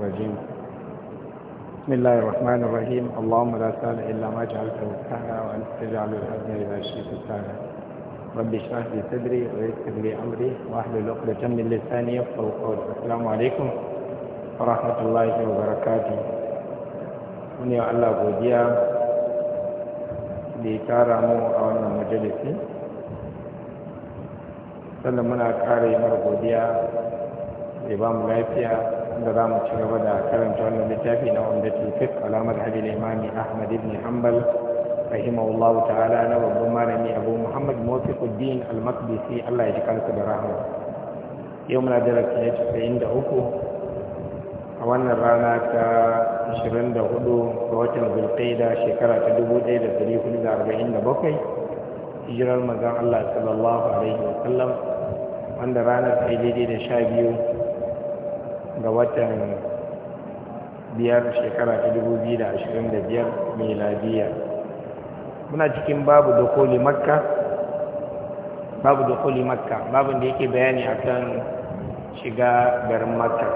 الرجيم بسم الله الرحمن الرحيم اللهم لا سهل إلا ما جعلته سهلا وأنت تجعل الحزن إذا شئت سهلا رب اشرح لي صدري ويسر لي أمري واحلل عقدة من لساني يفقه قولي السلام عليكم ورحمة الله وبركاته من الله بوديا da ya او mu a wannan majalisi sannan muna ƙara inda za mu ci gaba da karanta wannan littafi na umdati fiqh alamar hadil imami ahmad ibn hanbal rahimahullah ta'ala na babban malami abu muhammad mufiquddin al-maqdisi Allah ya ji kansa da rahama yau muna darasi na casa'in da uku a wannan rana ta 24 ga watan zulqaida shekara ta 1447 hijirar manzon Allah sallallahu alaihi wa sallam wanda ranar ta daidai da sha biyu ga watan biyar shekara ta dubu biyu da ashirin da biyar miladiya muna cikin babu da koli makka babu koli makka babin da yake bayani akan shiga garin makka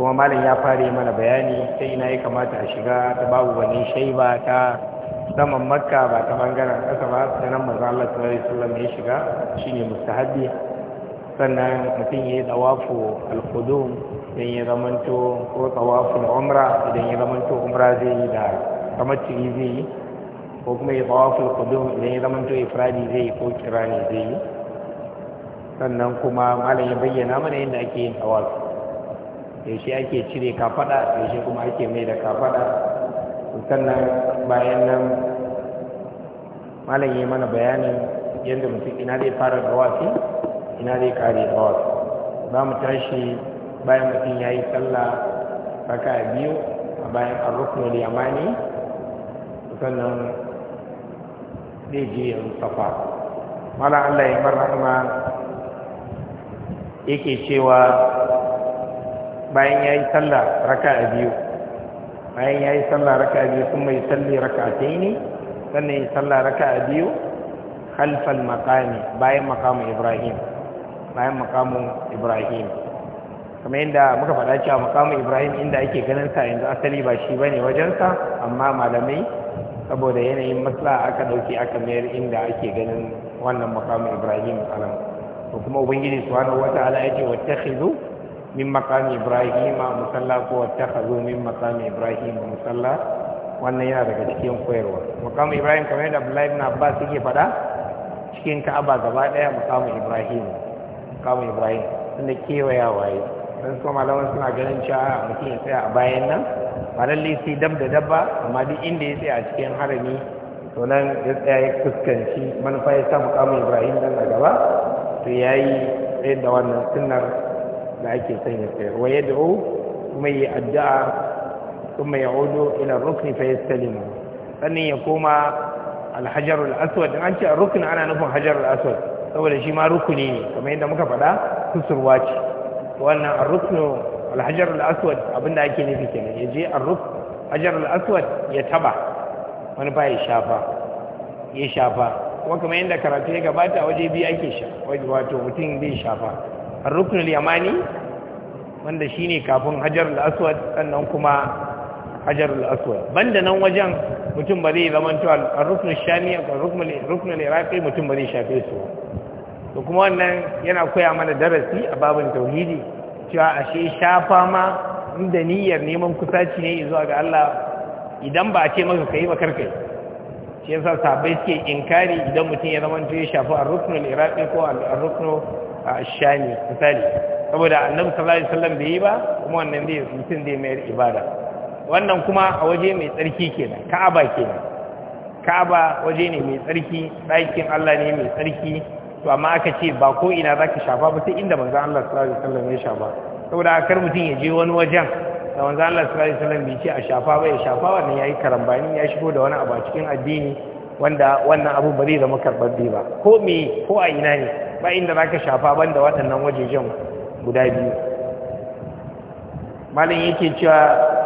kuma malam ya fara yi mana bayani ta ina ya kamata a shiga ta babu wani shaiba ta saman makka ba ta bangaren ƙasa ba sanan maza Allah ta alaihi sallama ya shiga shine mustahabbi sannan mutum ya yi tsawafu alkudum idan ya zamanto ko tsawafin umra idan ya zamanto umra zai yi da kamacin zai yi ko kuma ya tsawafin alkudum idan ya zamanto ifradi zai yi ko kirani zai yi sannan kuma malam ya bayyana mana yadda ake yin tawafu yaushe ake cire kafada yaushe kuma ake mai da kafada sannan bayan nan malam ya mana bayanin yadda mutum ina zai fara tsawafi ina zai kare tsawon za mu tashi bayan mutum ya yi sallah raka biyu a bayan arrukun yamani sannan zai je ya safa mala Allah ya marhama yake cewa bayan ya yi sallah raka biyu bayan ya yi sallah raka biyu sun mai salli raka ne sannan ya yi sallah raka biyu halfal makami bayan makamu ibrahim bayan makamun ibrahim kamar yadda muka faɗa cewa makamun ibrahim inda ake ganin sa yanzu asali ba shi bane wajensa amma malamai saboda yanayin masla aka ɗauki aka mayar inda ake ganin wannan makamun ibrahim alam to kuma ubangiji subhanahu wata'ala ya ce wattakhidhu min maqami ibrahim musalla ko wattakhadhu min maqami ibrahim musalla wannan yana daga cikin koyarwa makamun ibrahim kamar yadda abdullahi ibn abbas yake faɗa cikin ka'aba gaba ɗaya makamin ibrahim kamun ibrahim tunda kewaya waye don su malaman suna ganin cewa mutum ya tsaya a bayan nan ba lallai sai dab da dabba amma duk inda ya tsaya a cikin harami to nan ya tsaya ya fuskanci manufa ya samu kamun ibrahim nan a gaba to ya yi tsayar da wannan sunar da ake sanya ya tsayar wa ya da'u kuma yi addu'a kuma ya odo ila rukni fa yastalimu sannan ya koma alhajarul aswad an ce rukni ana nufin hajarul aswad saboda shi ma rukuni ne kamar yadda muka faɗa kusurwa ce wannan arrukunu alhajar al'aswad abinda ake nufi kenan ya je alhajar hajar al'aswad ya taba wani ba ya shafa ya shafa kuma kamar yadda karatu ya gabata waje biyu ake sha wato mutum zai shafa arruknu yamani wanda shi ne kafin hajar al'aswad sannan kuma hajar al'aswad banda nan wajen mutum ba zai zama to arruknu Shani, arruknu iraqi mutum ba zai shafe su to kuma wannan yana koya mana darasi a babin tauhidi cewa ashe shafa ma inda niyyar neman kusaci ne zuwa ga Allah idan ba a ce maka kai ba karkai shi yasa sabai suke inkari idan mutum ya zama ya shafi ar-ruknul iraqi ko ar-ruknu ash-shami misali saboda annabi sallallahu alaihi wasallam bai yi ba kuma wannan zai mutum zai mayar ibada wannan kuma a waje mai tsarki kenan ka'aba kenan ka'aba waje ne mai tsarki ɗakin Allah ne mai tsarki to amma aka ce ba ko ina za ka shafa ba sai inda manzan Allah sallallahu ya shafa saboda a kar mutum ya je wani wajen da manzan Allah sallallahu bai ce a shafa ba ya shafa wannan yi karambani ya shigo da wani abu a cikin addini wanda wannan abu ba zai zama karbabbe ba ko me ko a ina ne ba inda za ka shafa ban da waɗannan wajejen guda biyu malin yake cewa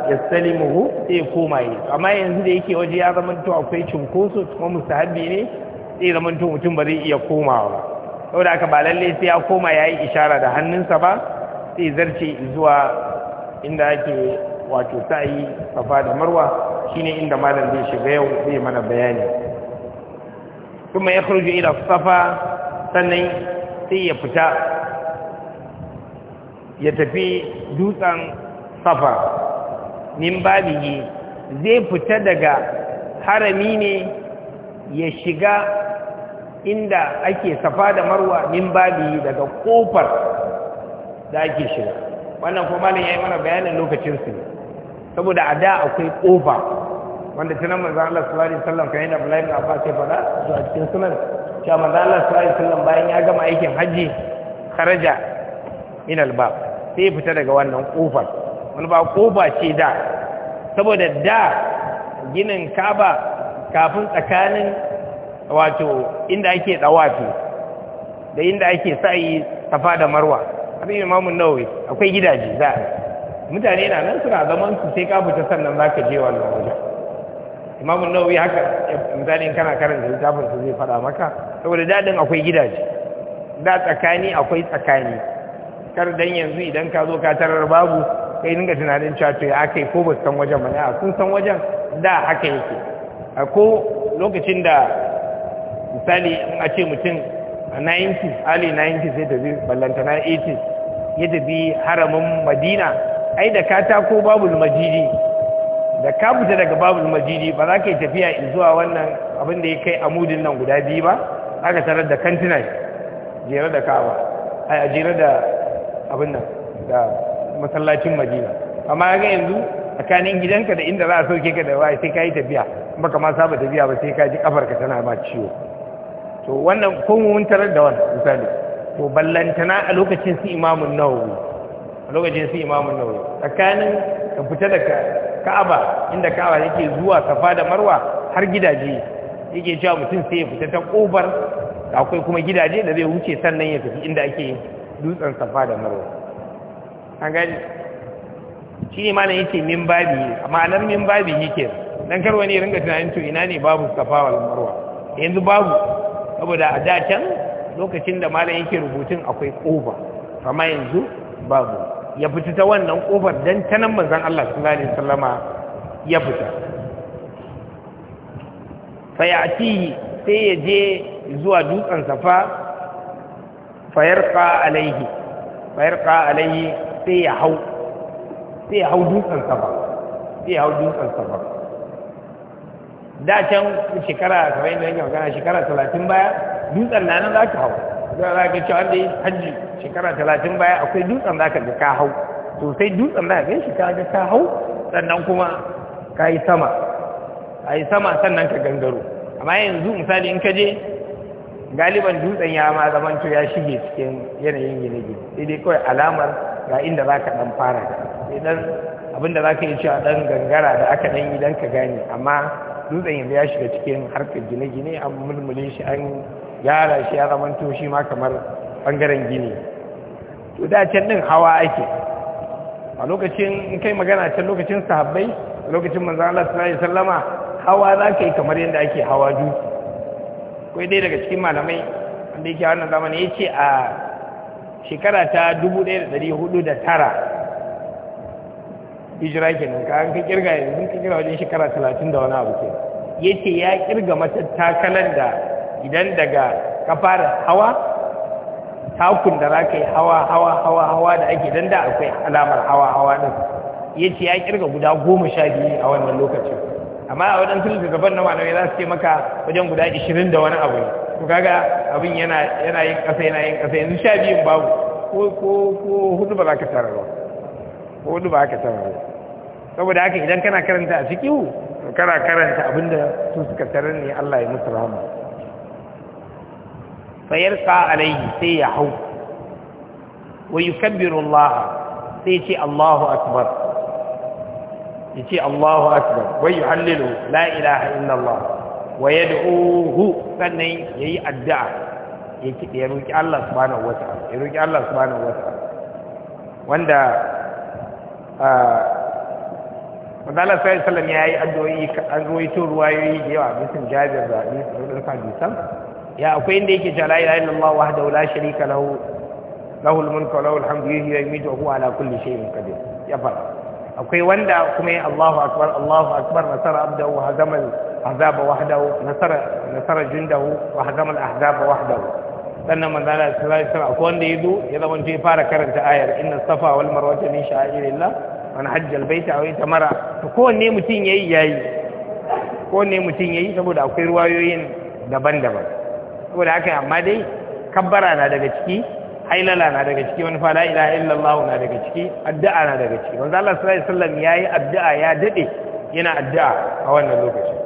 ya salimuhu sai ya koma yi amma yanzu da yake waje ya zama to akwai cunkoso kuma musahabi ne zai zama mutum ba zai iya komawa ba saboda aka ba lalle sai ya koma ya yi ishara da hannunsa ba sai zarce zuwa inda ake wato sa'i safa da marwa shine inda malam zai shiga yau zai mana bayani kuma ya kurju ila safa sannan sai ya fita ya tafi dutsen safa min babiyi zai fita daga harami ne ya shiga inda ake safa da marwa min babi daga kofar da ake shiga wannan kuma ne ya yi mana bayanin lokacin su saboda a da akwai kofa wanda tunan manzan Allah sallallahu alaihi wasallam kan da Ibrahim Na fa ya fara zuwa cikin sunan cewa manzan Allah sallallahu alaihi wasallam bayan ya gama aikin hajji kharaja min albab sai fita daga wannan kofar wani ba kofa ce da saboda da ginin Kaaba kafin tsakanin wato inda ake dawafi da inda ake sa'i safa da marwa abin imamun nawawi akwai gidaje za a mutane na nan suna zaman su sai ka fita sannan zaka je wannan wajen imamun nawawi haka misali in kana karanta littafin su zai fada maka saboda dadin akwai gidaje da tsakani akwai tsakani kar dan yanzu idan ka zo ka tarar babu kai dinga tunanin cewa to ya akai ko ba san wajen ba ne a sun san wajen da haka yake ko lokacin da misali in a ce mutum a 90 early 90 zai tafi ballantana 80 ya tafi haramin madina ai da katako babul majidi da ka fita daga babul majidi ba za ka yi tafiya zuwa wannan abin da ya kai amudin nan guda biyu ba aka tarar da kantina jere da kawa a jere da abin nan da masallacin madina amma ga yanzu tsakanin gidanka da inda za a sauke ka da wa sai ka yi tafiya baka ma saba tafiya ba sai ka ji kafarka tana ma ciwo to wannan ko mun tarar da wannan misali to ballantana a lokacin su imamun nawawi a lokacin su imamun nawawi tsakanin ka fita daga ka'aba inda ka'aba yake zuwa safa da marwa har gidaje yake cewa mutum sai ya fita ta kofar akwai kuma gidaje da zai wuce sannan ya tafi inda ake dutsen safa da marwa an gani shi ne malam yake min babi ma'anar min babi yake dan kar wani ringa tunanin to ina ne babu safa wal marwa yanzu babu saboda a datan lokacin da malam yake rubutun akwai ƙofa amma yanzu babu ya fita ta wannan ƙofar don ta nan manzan Allah sallallahu alaihi wasallama ya fita fayati sai ya je zuwa dutsen safa fayarqa alaihi fayarqa alaihi sai ya hau sai ya hau dutsen safa sai ya hau dutsen safa da can shekara kamar yadda yake magana shekara talatin baya dutsen na nan za ka hau za ka ga cewa da hajji shekara talatin baya akwai dutsen za ka ga ka hau sosai dutsen za ka ga shi ka ga ka hau sannan kuma ka yi sama ka yi sama sannan ka gangaro amma yanzu misali in ka je galiban dutsen ya ma zamanto ya shige cikin yanayin gine-gine sai dai kawai alamar ga inda za ka dan fara sai dan abinda za ka yi cewa dan gangara da aka dan yi dan ka gane amma dutsen yanzu ya shiga cikin harkar gine-gine an mulmule shi an gyara shi ya zama toshi ma kamar bangaren gini to da can din hawa ake a lokacin in kai magana can lokacin sahabbai lokacin manzan Allah sallallahu alaihi wasallama hawa za ka yi kamar yadda ake hawa dutse kai dai daga cikin malamai wanda yake wannan zamani ya ce a shekara ta 1409 hijira kenan ka an ka kirga yanzu ka kirga wajen shekara talatin da wani abu ya yace ya kirga matattakalan da idan daga ka fara hawa takun da zaka yi hawa hawa hawa hawa da ake dan da akwai alamar hawa hawa din yace ya kirga guda goma sha biyu a wannan lokacin amma a wajen tulu gaban na malamai za su ce maka wajen guda ishirin da wani abu to kaga abin yana yana yin kasa yana yin kasa yanzu sha biyun babu ko ko ko hudu ba za ka tarar ba ko hudu ba za ka tarar ba saboda haka idan kana karanta a fikihu kana karanta abinda su suka tarar ne Allah ya musu rahama fayarqa alaihi sai ya hau wa yukabbiru Allah sai ce Allahu akbar yace Allahu akbar wa yuhallilu la ilaha illa Allah wa yad'uhu sannan yayi addu'a yake ya roki Allah subhanahu wata'ala ya roki Allah subhanahu wata'ala wanda ah, Manzala sai sallam ya yi addu'o'i an ruwaito ruwayoyi da yawa bisin Jabir da Ibn Hadisan ya akwai inda yake cewa la ilaha illallah wahdahu la sharika lahu lahul mulku wa lahul hamdu yuhyi wa yumiitu wa huwa ala kulli shay'in qadir ya fara akwai wanda kuma ya Allahu akbar Allahu akbar nasara abdahu wa hazama al-ahzab wahdahu nasara nasara jundahu wa hazama al-ahzab wahdahu sannan manzala sallallahu alaihi wasallam akwai wanda yazo ya zama ya fara karanta ayar inna safa wal marwa min sha'airillah Wani hajjal bai baita ta tamara to kowanne mutum yayi yayi kowanne mutum yayi saboda akwai ruwayoyin daban-daban saboda haka amma dai kabbara na daga ciki hailala na daga ciki wani fala ila illallah na daga ciki addu'a na daga ciki wanda Allah sallallahu alaihi wasallam yayi addu'a ya dade yana addu'a a wannan lokacin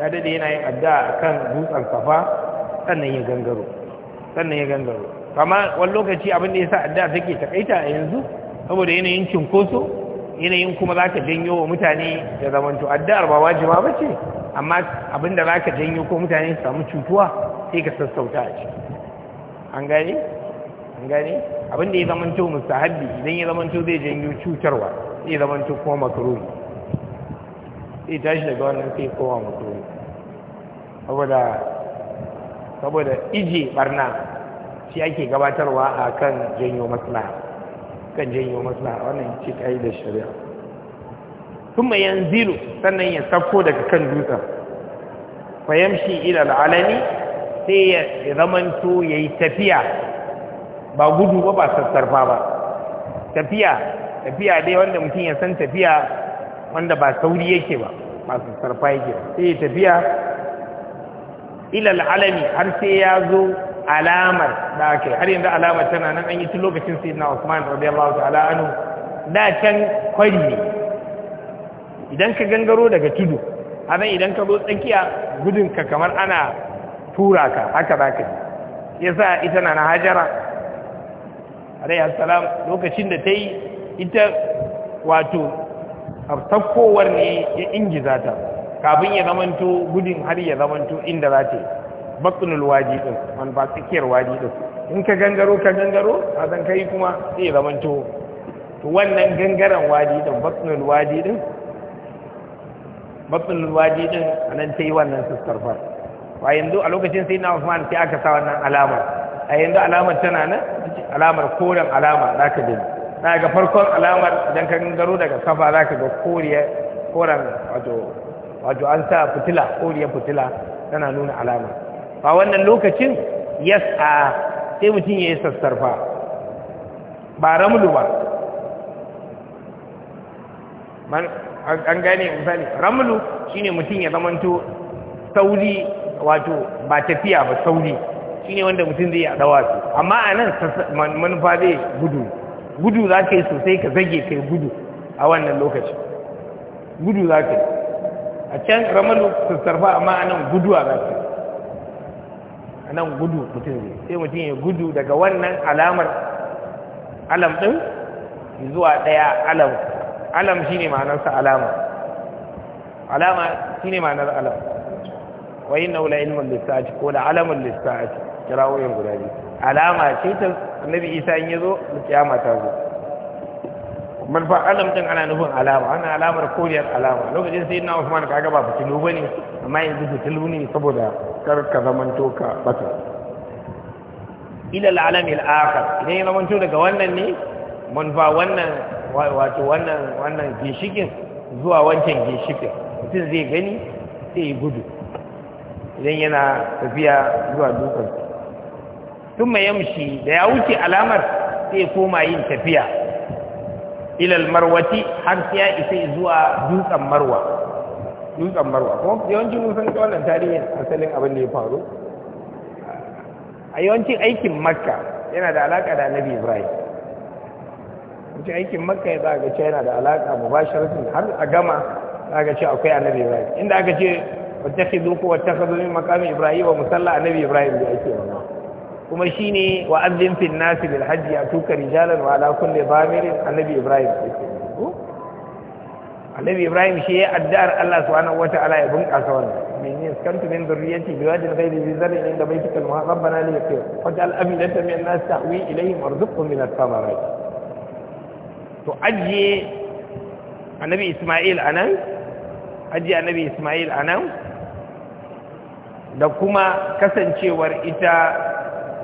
ya dade yana yin addu'a akan dutsen safa sannan ya gangaro sannan ya gangaro kamar wani lokaci abin da yasa addu'a take takaita a yanzu saboda yanayin cinkoso yanayin kuma za ka janyo wa mutane da zamantu. addu'ar ba wajiba ba ce amma abinda za ka janyo ko mutane su samu cutuwa sai ka sassauta a ciki an gane an gane abinda ya musta mustahabbi idan ya zamanto zai janyo cutarwa zai zamanto kuma makaroni zai tashi daga wannan sai kowa makaroni saboda saboda ije barna shi ake gabatarwa a kan janyo maslaha kan janyo maslaha wannan ce da shari'a kuma yanzilu sannan ya sako daga kan dutsen fayamshi ila al'alami sai ya zamanto yayi tafiya ba gudu ba ba sassarfa ba tafiya tafiya dai wanda mutum ya san tafiya wanda ba sauri yake ba ba sassarfa yake sai ya tafiya ila al'alami har sai ya zo alamar da ake har yanzu alamar tana nan an yi tun lokacin na Usman radiyallahu ta'ala anhu da can kwari ne idan ka gangaro daga tudu anan idan ka zo tsakiya gudun ka kamar ana tura ka haka za ka yi yasa ita na hajara alayhi salam lokacin da ta yi ita wato tafkowar ne ya ingiza ta kafin ya zamanto gudun har ya zamanto inda za ta yi batunul waji din man ba tsikiyar waji din in ka gangaro ka gangaro a zan kai kuma sai zaman to wannan gangaren waji din batunul waji din batunul waji din nan ta yi wannan sistar far a yanzu a lokacin sai na Usman sai aka sa wannan alamar a yanzu alamar tana nan alamar koren alama za ka gani na ga farkon alamar idan ka gangaro daga kafa za ka ga koren wato an sa fitila koren fitila tana nuna alama a wannan lokacin yas'a sai mutum ya yi sassarfa ba ramlu ba an gane misali ramlu ne mutum ya zamanto sauri wato ba tafiya ba sauri Shi ne wanda mutum zai a dawa su amma a nan manufa zai gudu gudu za ka yi sosai ka zage kai gudu a wannan lokacin gudu za ka yi a can ramalu sassarfa amma a nan guduwa za ka yi nan gudu mutum zai sai mutum ya gudu daga wannan alamar alam ɗin zuwa ɗaya alam alam shi ne ma'anarsa alama alama shi ne ma'anar alam wayin na naula ilmin lissa'aci ko da alamun kira wuyan guda biyu alama ce ta annabi isa in ya zo kiyama ta zo manfa alam din ana nufin alama ana alamar koriyar alama lokacin sai na Usman kaga ba fitilu bane amma yanzu fitilu ne saboda kar ka zamanto ka bata ila al'alam al-akhar idan ya zamanto daga wannan ne man fa wannan wato wannan wannan ginshikin zuwa wancan ginshikin mutum zai gani sai ya gudu idan yana tafiya zuwa dukan tun mai yamshi da ya wuce alamar sai ya koma yin tafiya ilal marwati har sai ya isa zuwa dutsen marwa dutsen marwa ko yawancin mun san wannan tarihin asalin abin da ya faru a yawancin aikin makka yana da alaka da annabi ibrahim yawancin aikin makka ya zaga ce yana da alaka mubasharatin har a gama zaga ce akwai annabi ibrahim inda aka ce wata khidu ko wata khidu min makamin ibrahim wa musalla annabi ibrahim da ake wannan kuma shi ne wa azin fil nas bil hajji atuka rijalan wa ala kulli bamirin annabi ibrahim annabi ibrahim shi ya addu'ar Allah subhanahu wataala ya bunkasa wannan min yaskantu min dhurriyyati bi wadin ghayri dhi zar'in inda baytika al muharrabana li yaqim waj'al afidatan min nas tahwi ilayhim warzuqhum min ath-thamarat to ajiye annabi isma'il anan ajiye annabi isma'il anan da kuma kasancewar ita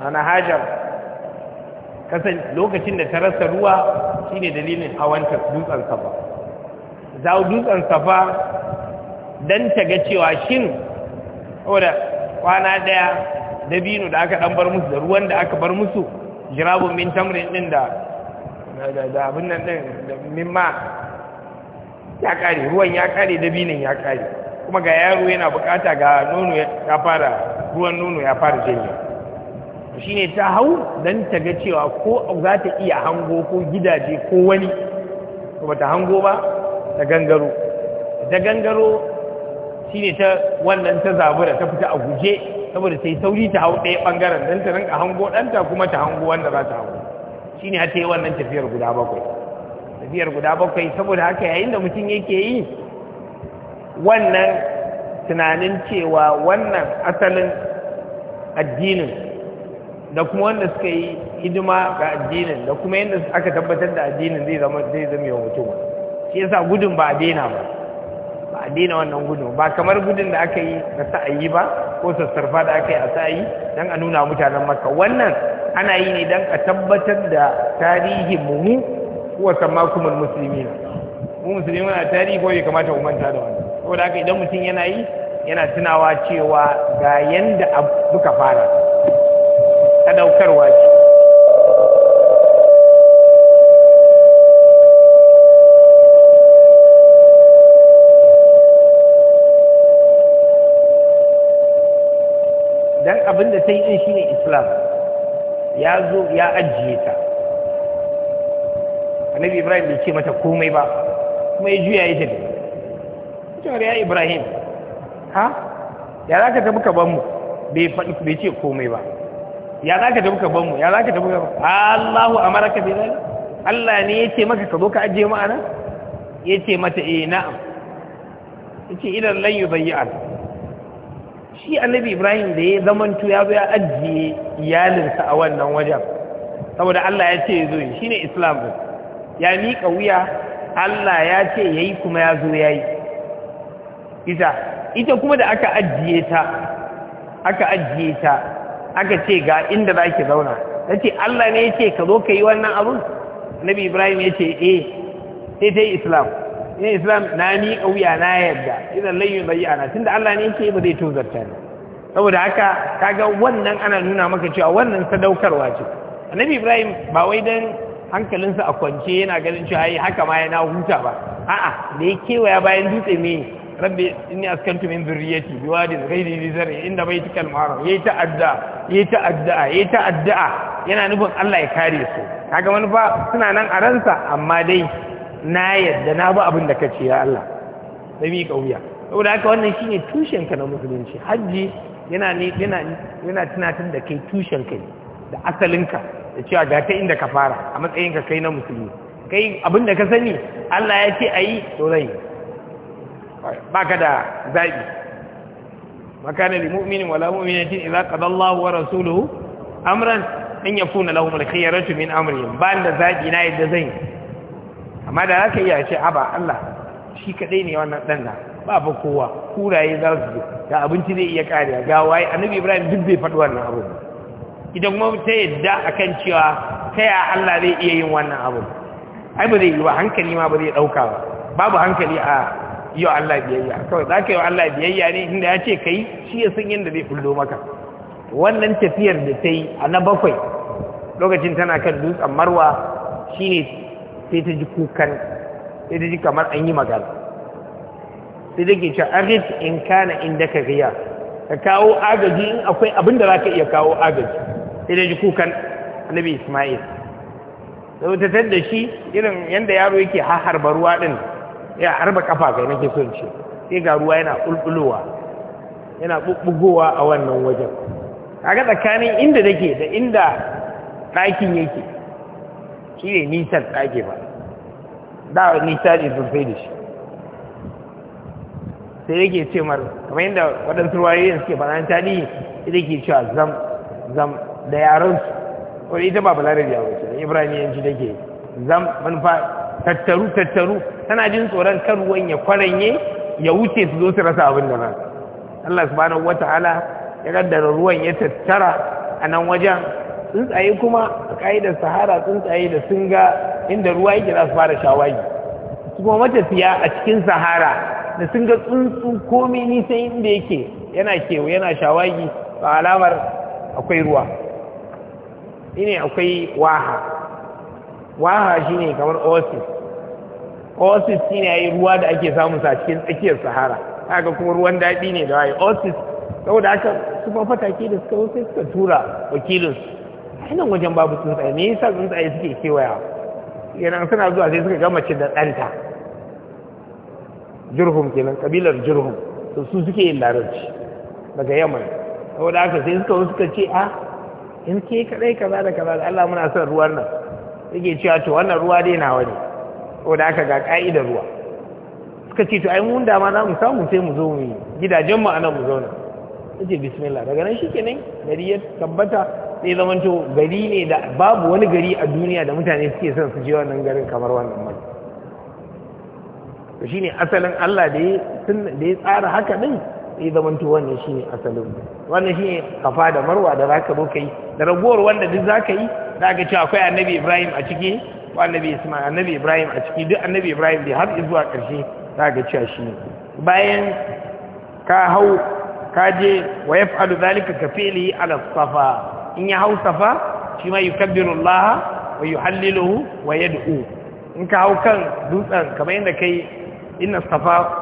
ana hajar kasan lokacin da ta rasa ruwa shine dalilin hawanta dutsen safa za dutsen safa dan ta ga cewa shin saboda kwana daya dabino da aka dan bar musu da ruwan da aka bar musu jirabun min tamrin din da da abin nan din min ma ya kare ruwan ya kare dabinin ya kare kuma ga yaro yana bukata ga nono ya fara ruwan nono ya fara jini shine ta hau don ta ga cewa ko za ta iya hango ko gidaje ko wani ko ba ta hango ba ta gangaro ta gangaro shine ta wannan ta zabura ta fita a guje saboda sai sauri ta hau ɗaya ɓangaren don ta rinka hango ɗanta kuma ta hango wanda za ta hango shi ne ta yi wannan tafiyar guda bakwai tafiyar guda bakwai saboda haka yayin da mutum yake yi wannan tunanin cewa wannan asalin addinin da kuma wanda suka yi hidima ga addinin da kuma yadda aka tabbatar da addinin zai zama zai zama yawan mutum shi yasa gudun ba a daina ba ba a daina wannan gudun ba kamar gudun da aka yi na sa'ayi ba ko sassarfa da aka yi a sa'ayi don a nuna mutanen maka wannan ana yi ne don a tabbatar da tarihin mu kuwa samakumul musulmi na mu musulmi na tarihi ko bai kamata mu manta da wannan saboda haka idan mutum yana yi yana tunawa cewa ga yanda muka fara sadaukarwa ce don abin da ta yi shi ne islam ya zo ya ajiye ta annabi ibrahim bai ce mata komai ba kuma ya juya ya tafi cewar ya ibrahim ha ya za ka tafi ka ban mu bai ce komai ba ya za ka tafi ka banmu ya za ka tafi ka Allahu a maraka bi zai Allah ne ya ce maka ka zo ka ajiye ma'ana ya ce mata e na'am ya ce idan lan yi zai al shi annabi ibrahim da ya zamantu ya zo ya ajiye iyalinsa a wannan wajen saboda Allah ya ce ya zo shi ne islam ya miƙa wuya Allah ya ce ya yi kuma ya zo ya yi ita ita kuma da aka ajiye ta aka ajiye ta aka ce ga inda za ki zauna ta ce Allah ne ya ce ka zo ka yi wannan abun nabi ibrahim ya ce eh sai ta yi islam Ina islam na ni wuya na yadda idan layu zai ana tunda Allah ne ya ce ba zai zarta ne saboda haka ga wannan ana nuna maka cewa wannan sadaukarwa ce annabi ibrahim ba wai dan hankalinsa a kwance yana ganin cewa haka ma yana huta ba a'a da ya kewaya bayan dutse me rabbi inni askantu min zurriyati biwadin ghayri dhi zar'in inda baytikal muharram yayi ta'adda yayi ta'adda yayi ta'adda yana nufin Allah ya kare su kaga manufa suna nan a ransa amma dai na yadda na ba abin da kace ya Allah sai mi kauya saboda haka wannan shine tushen ka na musulunci haji yana ne yana yana tunatar da kai tushen kai da asalin ka da cewa ga ta inda ka fara a matsayin ka kai na musulmi kai abin da ka sani Allah ya ce ayi to zai baka da zaɓi makana lil wa wala mu'minatin idza qada Allahu wa rasuluhu amran in yakuna lahum al-khiyaratu min amrihim ban da zaɓi na yadda zan amma da zaka iya ce aba Allah shi kadai ne wannan dan nan ba fa kowa kuraye za su da abinci zai iya kariya ga waye annabi Ibrahim duk bai faɗi wannan abu ita kuma ta yadda akan cewa ta ya Allah zai iya yin wannan abu ai ba zai yi ba hankali ma ba zai dauka ba babu hankali a yi wa Allah biyayya kawai za ka yi wa Allah biyayya ne inda ya ce ka yi shi ya san yadda zai fullo maka wannan tafiyar da ta yi a na bakwai lokacin tana kan dutsen marwa shi ne sai ta ji kukan sai ta ji kamar an yi magana sai ta ke ce arif in kana inda ka riya ka kawo agaji in akwai abin da za ka iya kawo agaji sai ta ji kukan annabi ismail sau ta da shi irin yadda yaro yake haharba ruwa din ya harba kafa kai nake son ce sai ga ruwa yana kulkulowa yana bubbugowa a wannan wajen kaga tsakanin inda nake da inda ɗakin yake shi ne nisan ɗaki ba da nisa ne sosai da shi sai yake ce mar kamar yadda waɗansu ruwayoyin suke ta tarihi ita ke cewa zam zam da yaransu wani ita ba balarabi a wace ibrahimiyanci dake zam manufa tattaru tattaru tana jin tsoron kan ruwan ya kwaranye ya wuce su zo su rasa abin da ran Allah subhanahu wataala ya kaddara ruwan ya tattara a nan wajen tsuntsaye kuma a ka'idar sahara tsuntsaye da sun ga inda ruwa yake za su fara shawagi su kuma matafiya a cikin sahara da sun ga tsuntsu komi nisan inda yake yana kewa shawagi ba alamar akwai ruwa akwai waha waha shi ne kamar oasis oasis shi ne yi ruwa da ake samun sa cikin tsakiyar sahara haka kuma ruwan daɗi ne da waye oasis saboda haka su fatake da suka wuce suka tura wakilin su. nan wajen babu tsuntsaye me yasa tsuntsaye suke kewaya yana suna zuwa sai suka gama cin da ɗanta jurhum kenan kabilar jurhum to su suke yin larabci daga yaman saboda haka sai suka wuce suka ce a ah, in ke kaɗai kaza da kaza da Allah muna son ruwan nan yake cewa to wannan ruwa dai nawa ne ko da aka ga ka'idar ruwa suka ce to ai mun da ma za mu samu sai mu zo mu yi gidajen mu anan mu zauna yace bismillah daga nan shikenan gari ya tabbata sai zaman to gari ne da babu wani gari a duniya da mutane suke son su je wannan garin kamar wannan mai to shine asalin Allah da ya tsara haka din zaman to wannan shine asalin wannan shine kafa da marwa da zaka zo kai da ragowar wanda duk zaka yi zaka ce akwai annabi Ibrahim a ciki ko annabi Isma'il annabi Ibrahim a ciki duk annabi Ibrahim bai har zuwa ƙarshe zaka ce shi bayan ka hau ka je wa yaf'alu zalika ka fi'li ala safa in ya hau safa shi ma yukabbiru Allah wa yuhalliluhu wa yad'u in ka hau kan dutsen kamar yadda kai inna safa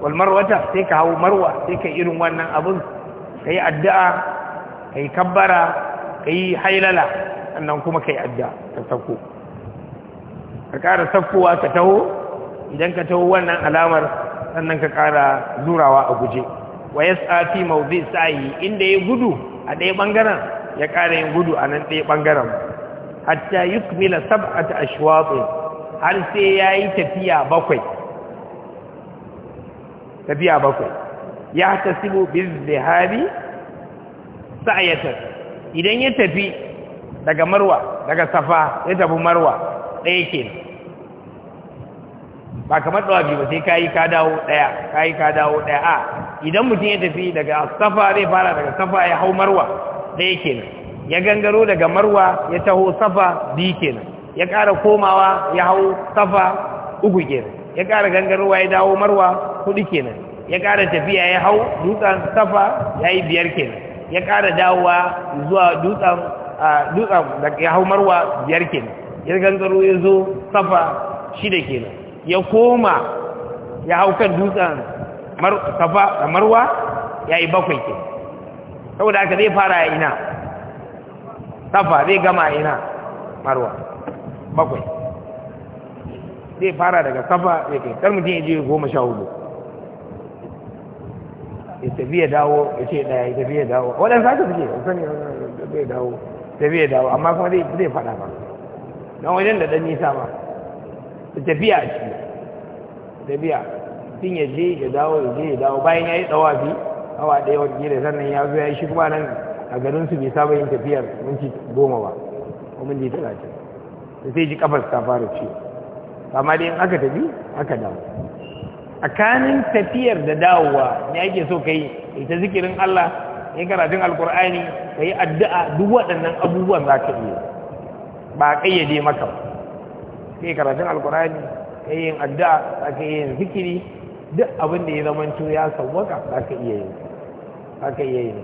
walmarwata wata sai ka hau marwa sai ka irin wannan abun yi addu'a ka yi kabbara yi hailala sannan kuma ka yi addu'a ka sako ka ƙara safuwa ka taho idan ka taho wannan alamar sannan ka ƙara zurawa a guje wa yas'a fi mawdi sa'i inda ya gudu a ɗaya ɓangaren? ya ƙara yin gudu a nan ɗaya bangaren hatta yukmila sab'at ashwaɓe har sai ya yi tafiya bakwai tafiya bakwai ya tasibu bizzihabi sa'ayatan idan ya tafi daga marwa daga safa ya tafi marwa ɗaya ke ba kamar ɗawafi ba sai kayi ka dawo ɗaya kayi ka dawo ɗaya a idan mutum ya tafi daga safa zai fara daga safa ya hau marwa ɗaya ke ya gangaro daga marwa ya taho safa biyu ke ya ƙara komawa ya hau safa uku ke ya ƙara gangarowa ya dawo marwa kuɗi kenan ya ƙara tafiya ya hau dutsen safa ya yi biyar kenan ya ƙara dawowa zuwa dutsen dutsen da ya hau marwa biyar kenan ya gangaro ya zo safa shida kenan ya koma ya hau kan dutsen safa da marwa ya yi bakwai kenan saboda haka zai fara a ina safa zai gama a ina marwa bakwai zai fara daga safa ya kai kar mutum ya je goma sha hudu ya tafi ya dawo ya ce ɗaya ya tafi ya dawo waɗansu haka suke sani zai dawo tafi ya dawo amma kuma zai faɗa ba don wajen da ɗan nisa ba tafiya a ciki tafiya tun ya je ya dawo ya je ya dawo bayan ya yi ɗawafi awa ɗaya wata gida sannan ya zo ya yi shi kuma nan a garin su bai saba yin tafiyar minti goma ba ko minti talatin sai ji kafar ta fara ciwo amma dai in aka tafi aka dawo kanin tafiyar da dawowa ne ake so ka yi ita zikirin Allah yi karatun alkur'ani ka yi addu'a duk waɗannan abubuwan za ka iya ba a ƙayyade maka ba yi karatun alkur'ani ka yi yin addu'a za ka iya yin zikiri duk abin da ya zamanto ya sauwaka za ka iya yin za ka iya yin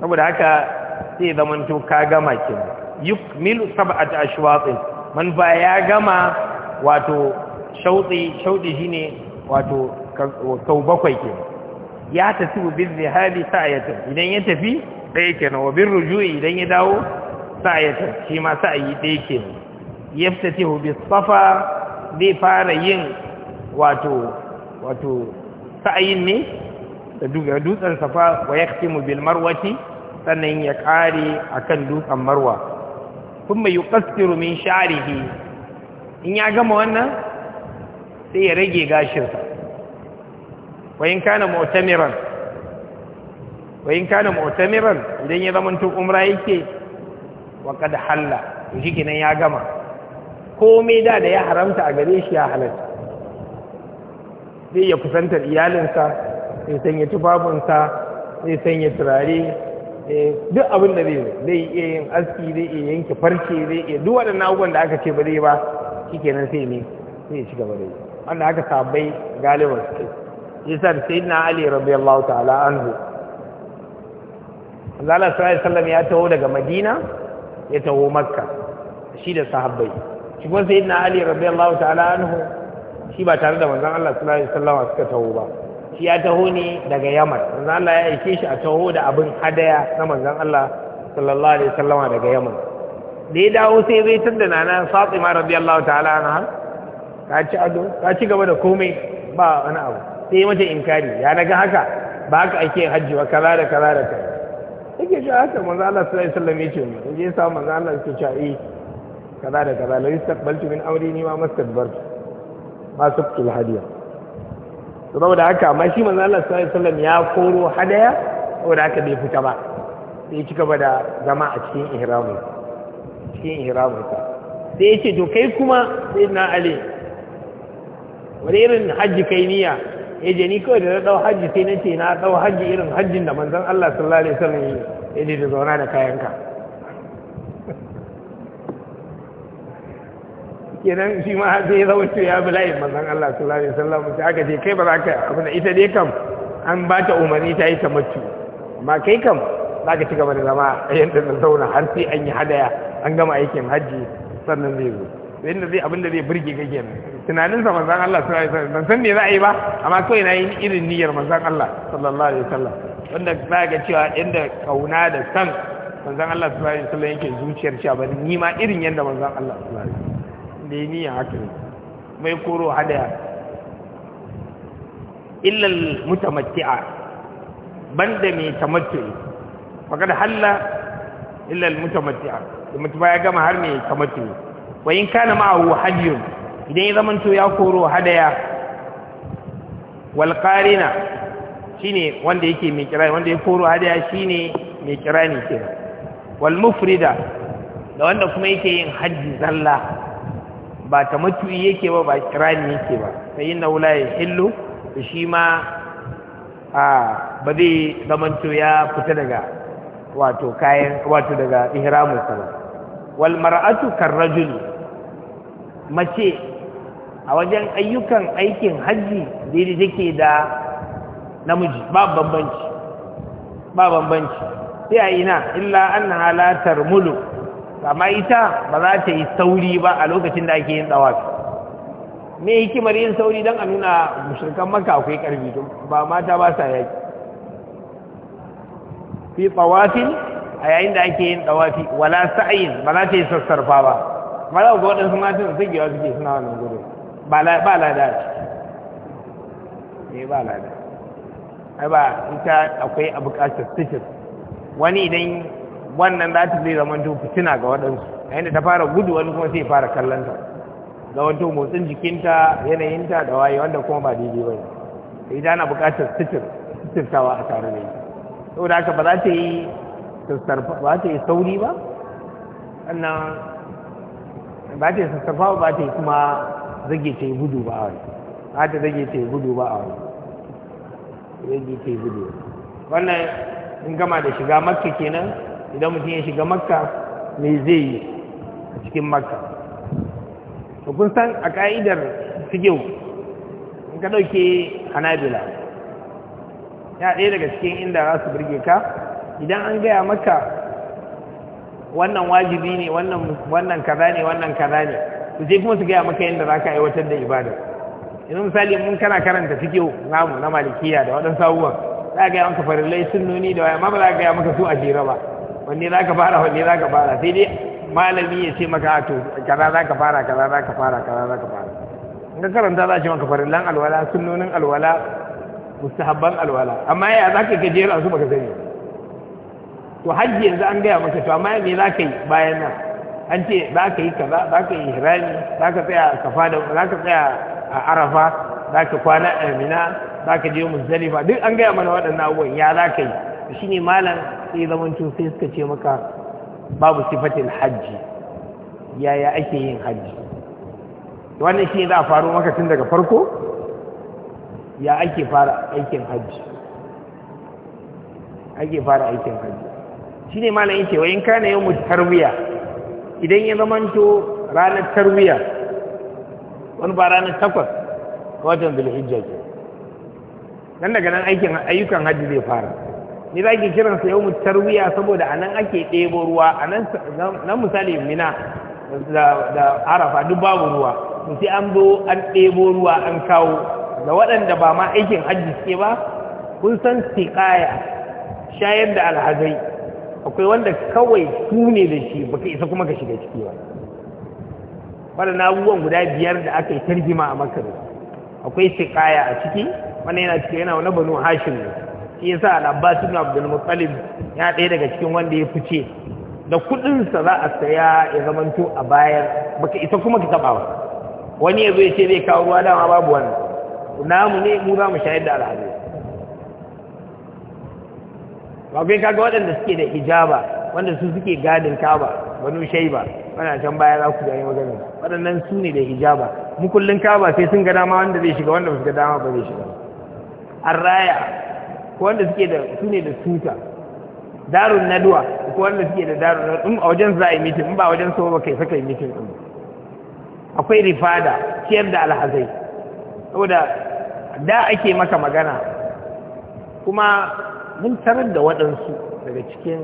saboda haka sai zamanto ka gama yuk milu sab'at ashwatin man ba ya gama wato shauɗi shauɗi shine wato kau bakwai ke ya tafi bi zihabi sa'ayata idan ya tafi ɗaya kenan wa bin rujui idan ya dawo sa'ayata shi ma sa'ayi ɗaya kenan yaftatihu bi safa zai fara yin wato wato sa'ayin ne da dutsen safa wa yaktimu bil marwati sannan ya kare akan dutsen marwa kuma yuqassiru min sha'rihi in ya gama wannan sai ya rage gashinsa wa in kana mu'tamiran wa in kana mu'tamiran idan ya zama tun umra yake wa qad halla shi shikenan ya gama komai da da ya haramta a gare shi ya halatta zai ya kusantar iyalinsa zai sanya tufafinsa zai sanya turare eh, duk abin da zai zai iya yin aski zai iya yanke farce zai iya duk waɗannan abubuwan da aka ce ba zai ba shikenan sai ne sai ci gaba da yi wanda aka sabai su ya sa da na ali allahu ta'ala anhu Allah sallallahu alaihi ya taho daga Madina ya taho Makka shi da sahabbai shi kuma na ali allahu ta'ala anhu shi ba tare da manzon Allah sallallahu alaihi wasallam suka taho ba shi ya taho ne daga yamar manzon Allah ya aike shi a taho da abin hadaya na manzon Allah sallallahu alaihi wasallama daga yamar da ya dawo sai bai tunda nana Fatima radiyallahu ta'ala anha ka ci ado ka ci gaba da komai ba wani abu sai mata inkari ya naga haka ba haka ake hajji wa kaza da kaza da kaza yake ji haka manzo Allah sallallahu alaihi wasallam yace mu je sa manzo Allah ya ce eh, kaza da kaza la yastaqbaltu min amri ni ma mastadbartu ma sabtu al hadiya saboda haka amma shi manzo Allah sallallahu alaihi wasallam ya koro hadaya saboda haka bai fita ba sai cika gaba da zama a cikin ihramin cikin ihramin sa sai yace to kai kuma sai na ali wani irin hajji kai niyya ya je ni kawai da na dau hajji sai na ce na dau hajji irin hajjin da manzon Allah sallallahu alaihi wasallam ya yi da zauna da kayanka kenan shi ma sai ya zama ya bi layin manzon Allah sallallahu alaihi wasallam sai aka ce kai ba za ka abu da ita dai kam an ba ta umarni ta yi ta mutu amma kai kam za ka ci gaba da zama a yanda na zauna har sai an yi hadaya an gama aikin hajji sannan zai zo yadda zai abin da zai burge ka kenan tunanin sa manzon Allah sallallahu alaihi wasallam ban san me za a yi ba amma kawai na yi irin niyyar mazan Allah sallallahu alaihi wasallam wanda za ga cewa yadda kauna da san manzon Allah sallallahu alaihi wasallam yake zuciyar cewa ba ni ma irin yadda manzon Allah sallallahu alaihi wasallam da yi niyan haka ne mai koro hadaya illal mutamatti'a banda mai tamattu'i faqad halla illal mutamatti'a da mutum ya gama har mai tamattu'i wa in kana ma'ahu hadiyun idan ya zamanto ya koro hadaya wal qarina shine wanda yake mai kirani wanda ya koro hadaya shine mai kirani kenan wal mufrida da wanda kuma yake yin hajji zalla ba ta matu'i yake ba ba kirani yake ba sai yin naula ya da shi ma ba zai zamanto ya fita daga wato kayan wato daga ihramu ba wal mar'atu karrajul mace a wajen ayyukan aikin hajji daidai take da namiji ba bambanci ba bambanci sai a ina illa annaha la tarmulu amma ita ba za ta yi sauri ba a lokacin da ake yin tsawafi me hikimar yin sauri don a nuna mushrikan maka akwai karfi ba mata ba sa yaki fi tsawafin a yayin da ake yin tsawafi wala sa'ayin ba za ta yi sassarfa ba ba ga waɗansu matan zagewa suke suna wannan gudu ba lada ce eh, ba lada ai ba ita akwai a bukatar sitir wani idan wannan za ta zai zama to fitina ga waɗansu A yadda ta fara gudu wani kuma sai fara kallonta. ga wato motsin jikinta yanayinta da waye wanda kuma ba daidai ba ne ita na buƙatar sitir sitirtawa a tare da ita saboda haka ba za ta yi ba ta yi sauri ba sannan ba ta yi sassarfa ba ta yi kuma zage ta yi gudu ba a wani ba ta zage ta yi gudu ba a wani zage ta yi gudu wannan in gama da shiga makka kenan idan mutum ya shiga makka me zai yi a cikin makka to kun san a ka'idar fikiyu in ka ɗauke hanabila ya ɗaya daga cikin inda za su birge ka idan an gaya makka wannan wajibi ne wannan kaza ne wannan kaza ne su ce kuma su gaya maka yadda za ka aiwatar da ibada yanzu misali mun kana karanta fikiyu namu na malikiya da waɗansu abubuwan za a gaya maka farillai nuni da waya ma ba za a gaya maka su a jira ba wanne za ka fara wanne za ka fara sai dai malami ya ce maka to kaza za ka fara kaza za ka fara kaza za ka fara in ka karanta za ce maka farillan alwala sunnonin alwala mustahabban alwala amma ya za ka gajera su baka sani to hajji yanzu an gaya maka to amma me za ka yi bayan nan an ce za ka yi kaza za ka yi hirani za ka tsaya a kafa da za ka tsaya a arafa za ka kwana a mina za ka je zalifa duk an gaya mana waɗannan abubuwan ya za ka yi shi ne malam sai zamanto sai suka ce maka babu sifatin hajji yaya ake yin hajji wannan shi ne za a faru maka tun daga farko ya ake fara aikin hajji ake fara aikin hajji shi ne malam yake wa in kana yau mutu tarwiya idan ya zamanto ranar tarwiya wani ba ranar takwas watan zulhijja nan daga nan aikin ayyukan hajji zai fara Ni za ki kiran sa mu tarwiya saboda anan ake ɗebo ruwa anan nan misali mina da arafa duk babu ruwa sai an zo an ɗebo ruwa an kawo da waɗanda ba ma aikin hajji suke ba kun san tiƙaya shayar da alhazai akwai wanda kawai su ne da shi baka isa kuma ka shiga ciki ba na abubuwan guda biyar da aka yi tarjima a makar akwai tiƙaya a ciki wanda yana ciki yana wani banu hashin ne shi yasa al-abbas ibn abdul muttalib ya ɗaya daga cikin wanda ya fice da kuɗinsa za a saya ya zamanto a bayar baka ita kuma ka taba wani yazo ya ce zai kawo ruwa dama babu wani namu ne mu za mu shayar da al'adu ba kai kaga waɗanda suke da hijaba wanda su suke gadin kaba shai ba wani can baya za ku gani magana waɗannan su ne da hijaba mu kullum kaba sai sun ga dama wanda zai shiga wanda ba su ga dama ba zai shiga an raya ko wanda suke da su ne da tuta darun naduwa ko wanda suke da darun naduwa in a wajen za a yi mitin in ba wajen so ba kai saka yi mitin din akwai rifada ciyar da alhazai saboda da ake maka magana kuma mun tarar da waɗansu daga cikin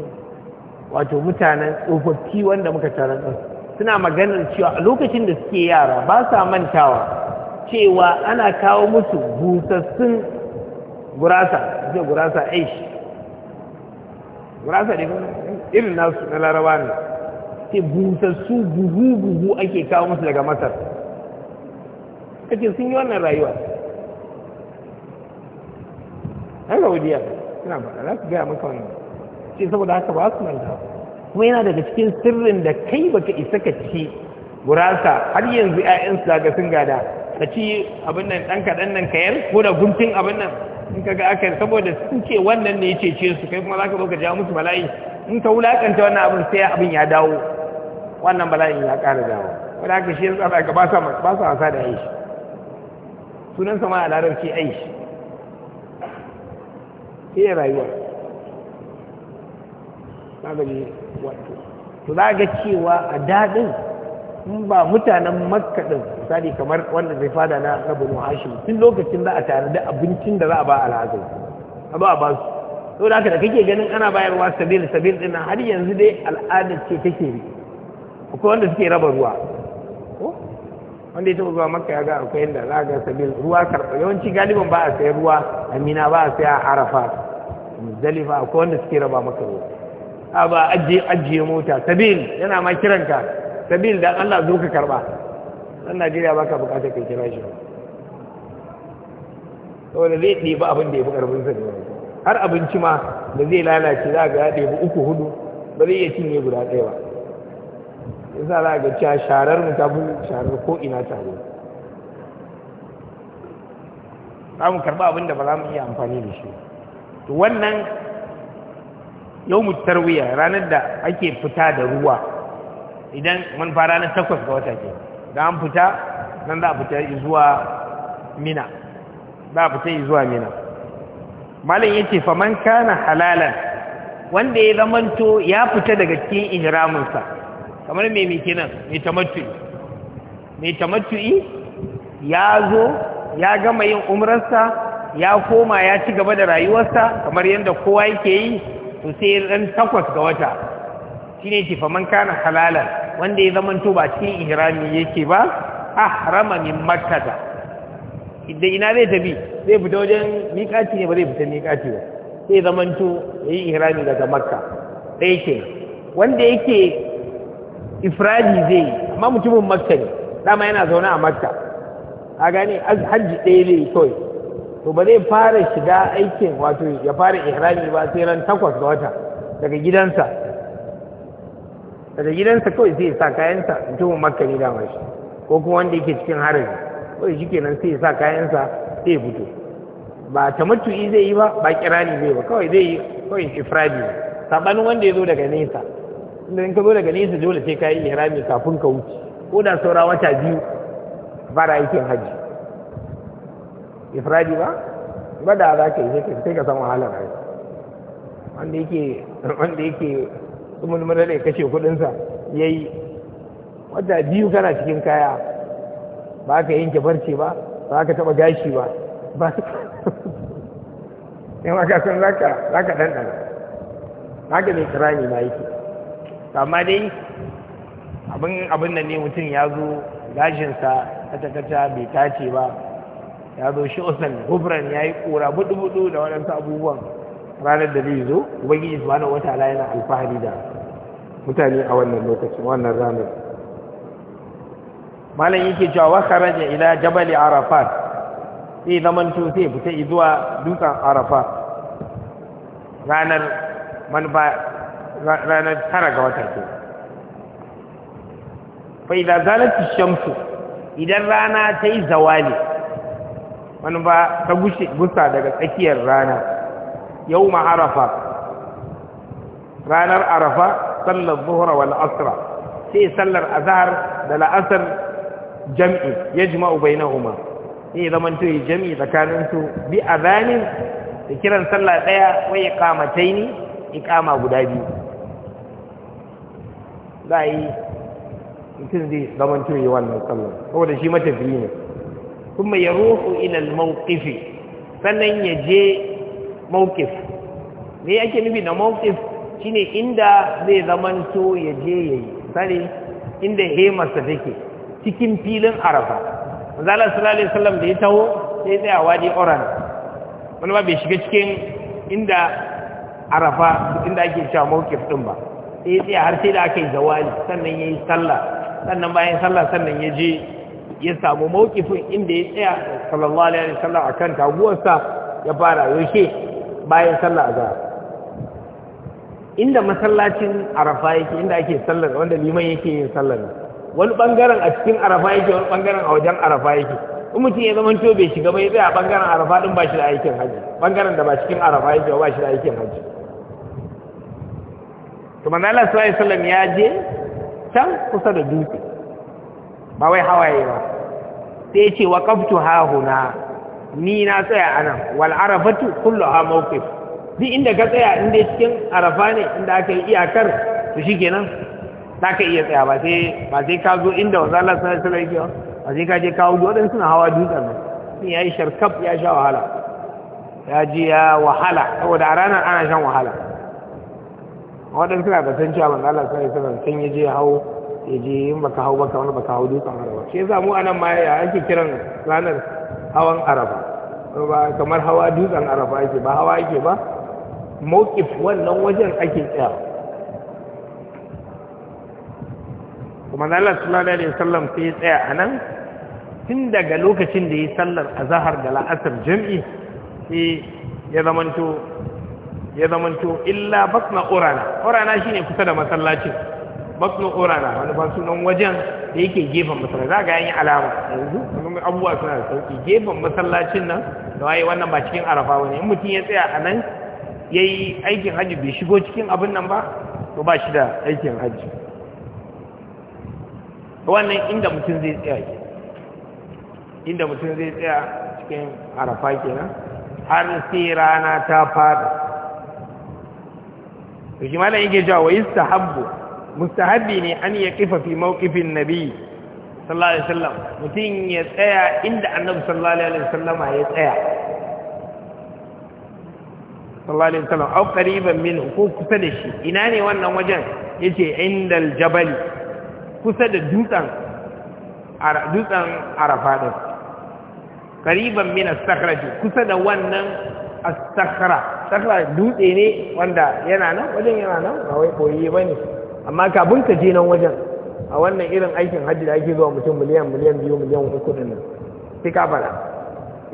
wato mutanen tsofaffi wanda muka tarar da suna maganar cewa a lokacin da suke yara ba sa mantawa cewa ana kawo musu busassun gurasa su ce gurasa aish gurasa ne irin nasu na larawa ne ke busassu buhu-buhu ake kawo musu daga masar ake sun yi wannan rayuwa an saudiya suna ba za su gaya maka wani ce saboda haka ba su manta kuma yana daga cikin sirrin da kai baka isa ka ci gurasa har yanzu 'ya'yansu daga sun gada ka ci abin nan ɗan kaɗan nan kayar ko da guntun abin nan in ka ga aka saboda sun ce wannan ne ya cece su kai kuma za ka zo ka ja musu bala'i in ka wulakanta wannan abin sai abin ya dawo wannan bala'in ya ƙara dawo wadda aka shi yanzu aka ba sa ba sa wasa da aishi sunan sama a larabci aishi sai rayuwa za ka ji wato to za ga cewa a daɗin in ba mutanen makka ɗin misali kamar wanda zai fada na rabu banu hashim tun lokacin da a tare da abincin da za a ba alhazai a ba a ba su sau da aka da kake ganin ana bayarwa sabil sabil din har yanzu dai al'adar ce take yi akwai wanda suke raba ruwa wanda ya taɓa zuwa makka ya ga akwai yadda za ga sabil ruwa karɓa yawanci galiban ba a sayan ruwa amina ba a saya arafa muzdalifa akwai wanda suke raba maka ruwa a ba ajiye mota sabil yana ma kiranka sabil da Allah zo ka karɓa nan najeriya ba ka bukata kai kira shi saboda zai ɗebi abin da ya fi ƙarfin sa ne har abinci ma da zai lalace za ga ya ɗebi uku hudu ba zai iya cinye guda ɗaya ba sa za ga cewa sharar mu ta fi sharar ko ina tare za mu karɓi abin da ba za mu iya amfani da shi to wannan yau mu tarwiya ranar da ake fita da ruwa idan mun fara na takwas ga wata kenan da an fita nan za a fita zuwa mina za a fita zuwa mina malin yace faman kana halalan wanda ya zamanto ya fita daga cikin ihraminsa kamar me me kenan me tamattu'i me tamattu'i ya zo ya gama yin umrarsa ya koma ya ci gaba da rayuwarsa kamar yadda kowa yake yi to sai ran takwas ga wata shine ce faman kana halalan wanda ya to ba cikin ihrami yake ba ahrama min makkata idan ina zai tafi zai fita wajen miƙaci ne ba zai fita miƙaci ba sai zamanto yayi ihrami daga makka sai ke wanda yake ifradi zai amma mutumin makka ne dama yana zaune a makka a gane hajji ɗaya zai kawai to ba zai fara shiga aikin wato ya fara ihrami ba sai ran takwas ga wata daga gidansa daga gidansa kawai sai ya sa kayansa mutumin makka ne damar shi ko kuma wanda yake cikin harin kawai shi kenan sai ya sa kayansa sai ya fito ba ta matu'i zai yi ba ba kirani zai ba kawai zai yi kawai ifradi ne sabanin wanda ya zo daga nesa inda in ka zo daga nesa dole sai ka yi ihrami kafin ka wuce ko da saura wata biyu fara aikin hajji ifradi ba ba da za ka yi sai ka san wahalar hajji wanda yake su kashe kudinsa ya yi wata biyu kana cikin kaya ba ka yanke kifarci ba ba ka taba gashi ba ba su yin sun za ka ɗanɗana za ka mai kirani ma yake amma dai abin abin da ne mutum ya zo gashinsa kata-kata bai tace ba ya zo shi usan hufran ya yi ƙura budu-budu da waɗansu abubuwan ranar da zai zo ubangiji subhanahu ta'ala yana alfahari da mutane a wannan lokacin wannan ranar malam yake cewa wa kharaja ila jabal arafat sai zaman to sai fita zuwa dukan Arafat, ranar man ba ranar tara ga wata ce. fa idan zalat shamsu idan rana ta yi zawali ba ta gushe gusa daga tsakiyar rana yau arafa ranar arafa sallar zuhura wa asra sai sallar azhar da la'asar jam'i ya jima'u bainahuma sai zamanto ya jam'i tsakaninsu bi azanin da kiran sallah ɗaya wai iqamatai ne iqama guda biyu za a yi mutum zai zamanto ya wannan sallar saboda shi matafiyi ne kuma ya ruhu ilal mawqifi sannan ya je mawqif me yake nufi da shi shine inda zai zamanto ya je yayi sare inda hemarsa take cikin filin arafa manzala sallallahu alaihi wasallam da ya taho sai tsaya wadi oran wani ba bai shiga cikin inda arafa inda ake cewa maukif din ba sai tsaya har sai da aka yi zawali sannan yayi sallah sannan bayan sallah sannan ya je ya samu maukifin inda ya tsaya sallallahu alaihi wasallam akan taguwarsa ya fara yoshe bayan sallah azhar inda masallacin arafa yake inda ake sallar wanda liman yake yin sallar wani bangaren a cikin arafa yake wani bangaren a wajen arafa yake in mutum ya zama to bai shiga bai tsaya bangaren arafa din ba shi da aikin hajji bangaren da ba cikin arafa yake ba shi da aikin hajji. to manzo Allah sallallahu alaihi wasallam ya je can kusa da dutse ba wai hawaye ba sai ya ce waqaftu ha huna ni na tsaya a nan wal arafatu kullu ha mawqif duk inda ka tsaya inda cikin arafa ne inda aka yi iyakar to shikenan za ka iya tsaya ba sai ba sai ka zo inda wanzu Allah sallallahu alaihi wasallam ba sai ka je kawo dodon suna hawa dutsen nan sun yayi sharkab ya sha wahala ya ji ya wahala saboda a ranar ana shan wahala waɗansu suna da san cewa manzo Allah sallallahu alaihi wasallam sun yaje hawo ya je in baka hau baka wani baka hau dutsen arafa shi yasa mu anan ma ya ake kiran ranar hawan araba ba kamar hawa dutsen araba ake ba hawa ake ba mokif wannan wajen ake tsaya kuma na Allah sallallahu alaihi wasallam sai ya tsaya anan tun daga lokacin da ya sallar azhar da la'asar jami'i sai ya zamanto ya zamanto illa batna urana urana shine kusa da masallacin baslu urana wani ba sunan wajen da yake gefen masallaci za ga yin alama yanzu abubuwa suna da sauki gefen masallacin nan da waye wannan ba cikin arafa wani in mutum ya tsaya a nan yayi aikin hajji bai shigo cikin abin nan ba to ba shi da aikin hajji wannan inda mutum zai tsaya ke inda mutum zai tsaya cikin arafa kenan har sai rana ta fada to shi malam yake cewa wa istahabbu mustahabbi ne an ya kifa fi mawqifin nabi sallallahu alaihi wasallam mutum ya tsaya inda annabi sallallahu alaihi wasallam ya tsaya sallallahu alaihi wasallam au qariban min ko kusa da shi ina ne wannan wajen yace indal jabali kusa da dutsen dutsen arafa din qariban min as-sakhra kusa da wannan as-sakhra sakhra dutse ne wanda yana nan wajen yana nan ba wai boye bane amma kabin ka je nan wajen a wannan irin aikin hajji da ake zuwa mutum miliyan miliyan biyu miliyan uku da nan sai ka fara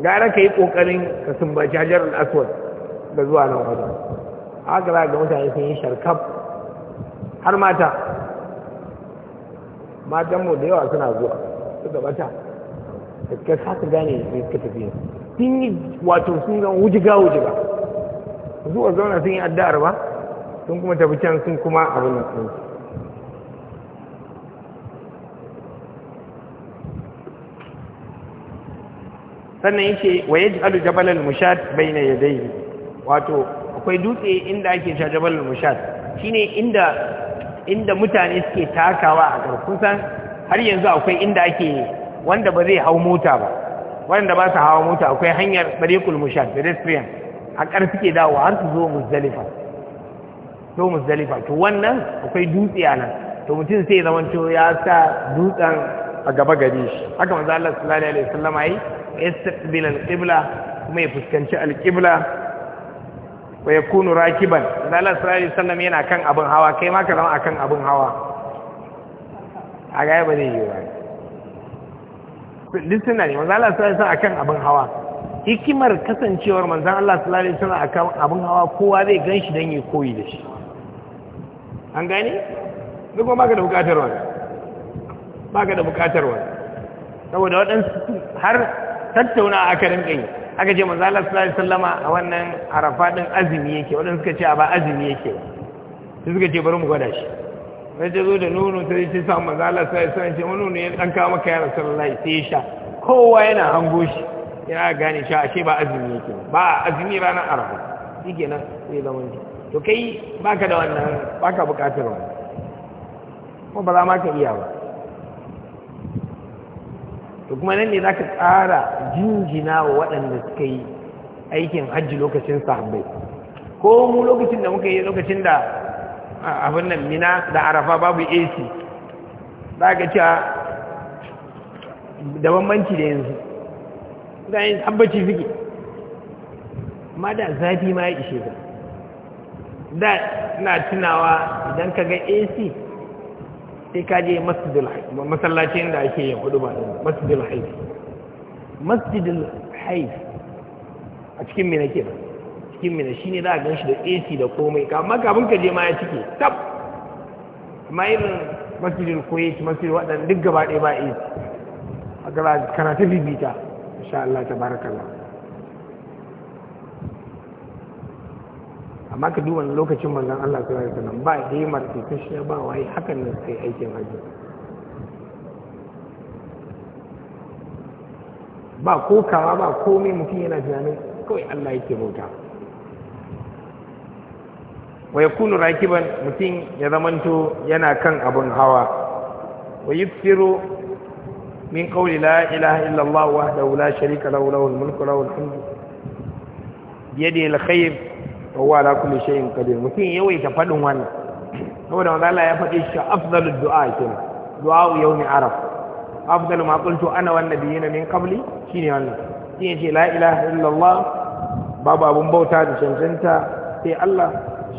gara ka yi kokarin ka sumbaci hajar al'aswad da zuwa nan wajen haka za ga mutane sun yi sharkaf har mata matanmu da yawa suna zuwa suka bata da ka sa gane ne suka tafi sun yi wato sun gan wujiga wujiga zuwa zauna sun yi addu'ar ba sun kuma tafi can sun kuma abin da sun sannan yake wa yaj'alu Mushad bai na bayna wato akwai dutse inda ake sha Jabalal Mushad shi shine inda mutane suke takawa a karkusan har yanzu akwai inda ake wanda ba zai hau mota ba wanda ba su hawa mota akwai hanyar barikul mushad pedestrian a ƙarfi ke dawo har su zo muzdalifa to musdalifa to wannan akwai dutse a nan to mutum sai zaman to ya sa dutsen a gaba gare shi haka manzo Allah sallallahu alaihi wasallam ai istiqbil al-qibla kuma ya fuskanci al-qibla wa yakunu rakiban manzo Allah sallallahu alaihi wasallam yana kan abin hawa kai ma ka zama akan abin hawa a ga ba zai yi ba duk suna ne manzo Allah sallallahu alaihi akan abin hawa hikimar kasancewar manzan Allah sallallahu Alaihi wasallam akan abin hawa kowa zai gan shi don yi koyi da shi an gane duk ba ka da bukatar wani ba ka da bukatar wani saboda waɗansu har tattauna a karin yi aka ce mazalar salari sallama a wannan arafa ɗin azumi yake waɗansu suka ce a ba azumi yake su suka ce bari mu gwada shi wani ta zo da nono ta ce sa mazalar salari sallama ce wani nuna ya ɗan kawo maka yara sallari sai ya sha kowa yana hango shi yana gane shi ashe ba azumi yake ba a azumi ranar arafa shi kenan sai zaman jiki to kai baka da wannan baka bukatar wannan kuma ba za ma ka iya ba to kuma nan ne za ka tsara jinjina wa waɗanda suka yi aikin hajji lokacin sahabbai ko mu lokacin da muka yi lokacin da abin nan mina da arafa babu ac za ka cewa da bambanci da yanzu za a yi tabbaci suke amma da zafi ma ya ishe ka da na tunawa idan ka ga ac sai ka je masallaci da ake yin hudu ba masjidul haif masjidul haif a cikin mina ke cikin mina shi ne za a ganshi da ac da komai kama kafin ka je ma ya cike tab amma irin masjidul kuwait masjidul waɗanda duk gaba ɗaya ba ac a kana ta bibita insha Allah ta barakallah amma ka duba lokacin manzon Allah sallallahu alaihi sanan ba himar shi ba wai hakan ne sai aikin haji ba ko kawa ba komai mutum yana tunanin kawai Allah yake bauta wa yakunu rakiban mutum ya zamanto yana kan abun hawa wa yuksiru min qawli la ilaha illa Allah wahdahu la sharika lahu lahul mulku lahul da biyadihi alkhayr wa ala kulli shay'in qadir mutum yawaita fadin wannan saboda manzo Allah ya faɗi shi afdalud du'a kenan du'a yawmi araf afdal ma qultu ana wan nabiyina min qabli shine wannan shi yace la ilaha illallah babu abun bauta da cancanta sai Allah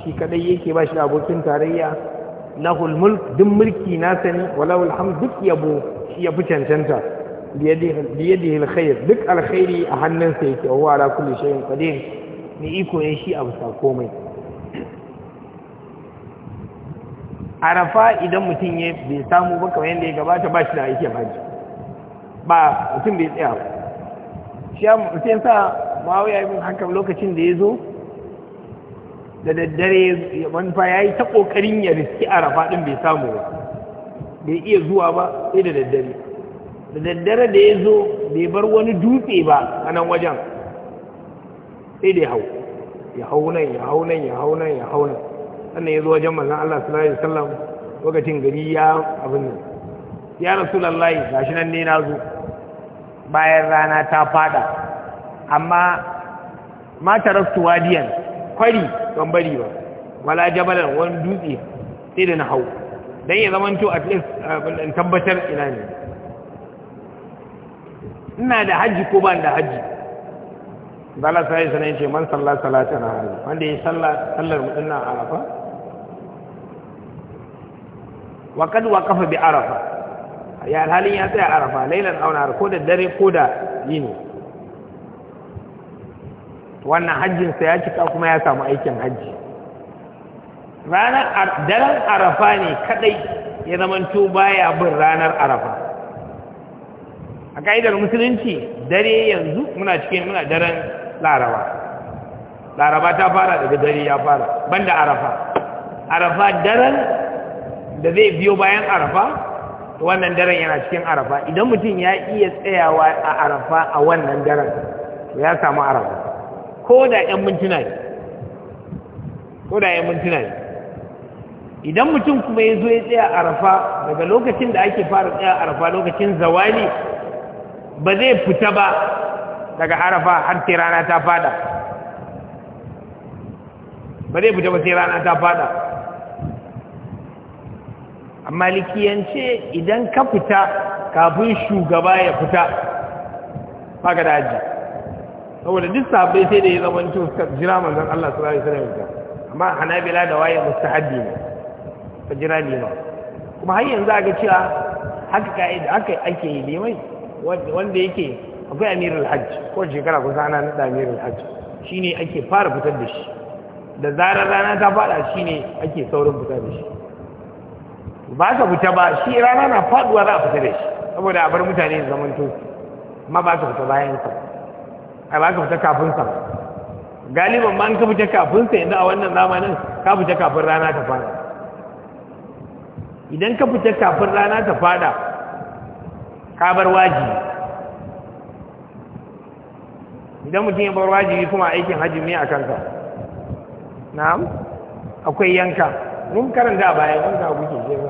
shi kadai yake ba shi abokin tarayya lahul mulk mulki na sani walahul duk yabo shi ya fi cancanta biyadihi alkhair duk alkhairi a hannunsa yake wa ala kulli shay'in qadir mai iko ne shi a bisa komai arafa idan mutum ya bai samu ba wayan yadda ya gabata ba shi da aikin hajji ba mutum bai tsaya ba shi ya mutum sa mawuya ibn lokacin da ya zo da daddare ya manufa ya yi ta ƙoƙarin ya riski arafa ɗin bai samu ba bai iya zuwa ba sai da daddare da daddare da ya zo bai bar wani dutse ba a nan wajen sai da ya hau ya hau nan ya hau nan ya hau nan ya hau nan sannan ya zo wajen manzon Allah sallallahu alaihi wasallam lokacin gari ya abin nan ya rasulullahi gashi nan ne na zo bayan rana ta fada amma ma taraktu wadiyan kwari ban bari ba wala jabalan wani dutse sai da na hau dan ya zamanto at least tabbatar ina ne ina da haji ko ban da haji ta sai sana ce man sallah na hadi wanda ya sallah sallar mutunna arafa wa kad kafa bi arafa ya halin ya tsaya arafa lailan aw ko da dare ko da yini wannan hajjin sa ya cika kuma ya samu aikin hajji ranar daren arafa ne kadai ya zamanto baya bin ranar arafa a ka'idar musulunci dare yanzu muna cikin muna daren laraba laraba ta fara daga dare ya fara banda arafa arafa daren da zai biyo bayan arafa wannan daren yana cikin arafa idan mutum ya iya tsayawa a arafa a wannan daren ya samu arafa ko da 'yan mintuna ne ko da 'yan mintuna ne idan mutum kuma ya zo ya tsaya arafa daga lokacin da ake fara tsaya arafa lokacin zawali ba zai fita ba daga arafa har sai rana ta fada ba zai fita ba sai rana ta fada amma likiyance idan ka fita kafin shugaba ya fita ba da aji saboda duk sabai sai da ya zama suka jira manzan Allah sallallahu sanar da amma hanabila da waye haddi ne ka jira lima kuma har yanzu aka cewa ah, haka ka'ida haka ake yi limai wanda yake akwai amirul hajj ko shekara kusa ana naɗa amirin hajj shi ne ake fara fitar da shi da zarar rana ta faɗa shi ne ake saurin fitar da shi ba ka fita ba shi rana na faɗuwa za a fita da shi saboda a bar mutane to amma ba ka fita bayan sa a ba ka fita kafin sa galiban ma ka fita kafin sa yanzu a wannan zamanin ka fita kafin rana ta faɗa idan ka fita kafin rana ta faɗa ka bar wajibi idan mutum ya bar wajibi kuma aikin hajji ne a kansa na'am akwai yanka mun karanta a baya yanka kuke ce ba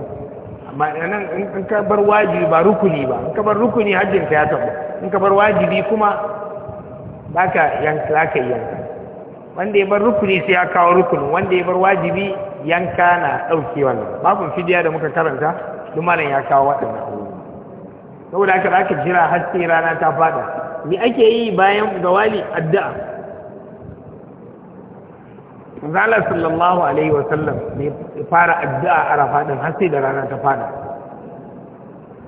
amma nan in ka bar wajibi ba rukuni ba in ka bar rukuni hajjin ka ya tabbata in ka bar wajibi kuma baka yanka zaka yanka wanda ya bar rukuni sai ya kawo rukuni wanda ya bar wajibi yanka na dauke wannan babu fidiya da muka karanta duk malam ya kawo waɗannan saboda haka zaka jira har sai rana ta fada me ake yi bayan zawali addu'a zala sallallahu alaihi wa sallam ne fara addu'a a ɗin har sai da rana ta fada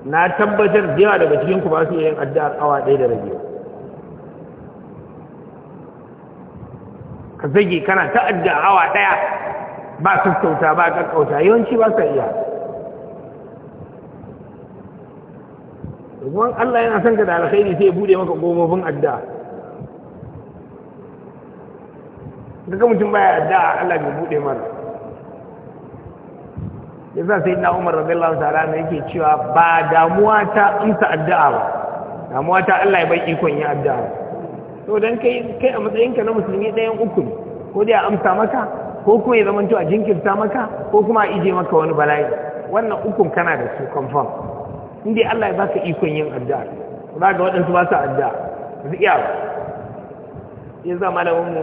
na tabbatar da yawa daga cikin ku ba su yin addu'ar awa ɗaya da rage. ka zage kana ta addu'a awa ɗaya ba sassauta ba kakkauta yawanci ba sa iya kuma Allah yana son ka da alkhairi sai ya bude maka gomofin addu'a kaga mutum baya addu'a Allah bai bude mara yasa sai na Umar radiyallahu ta'ala ne yake cewa ba damuwa ta amsa addu'a ba damuwa ta Allah ya bai ikon yin addu'a to dan kai kai a matsayinka na musulmi ɗayan uku ko dai a amsa maka ko kuma ya zamanto a jinkirta maka ko kuma a ije maka wani bala'i wannan ukun kana da su confirm in dai Allah ya baka ikon yin addu'a za ga waɗansu ba su addu'a su iya ba ya za malamin mu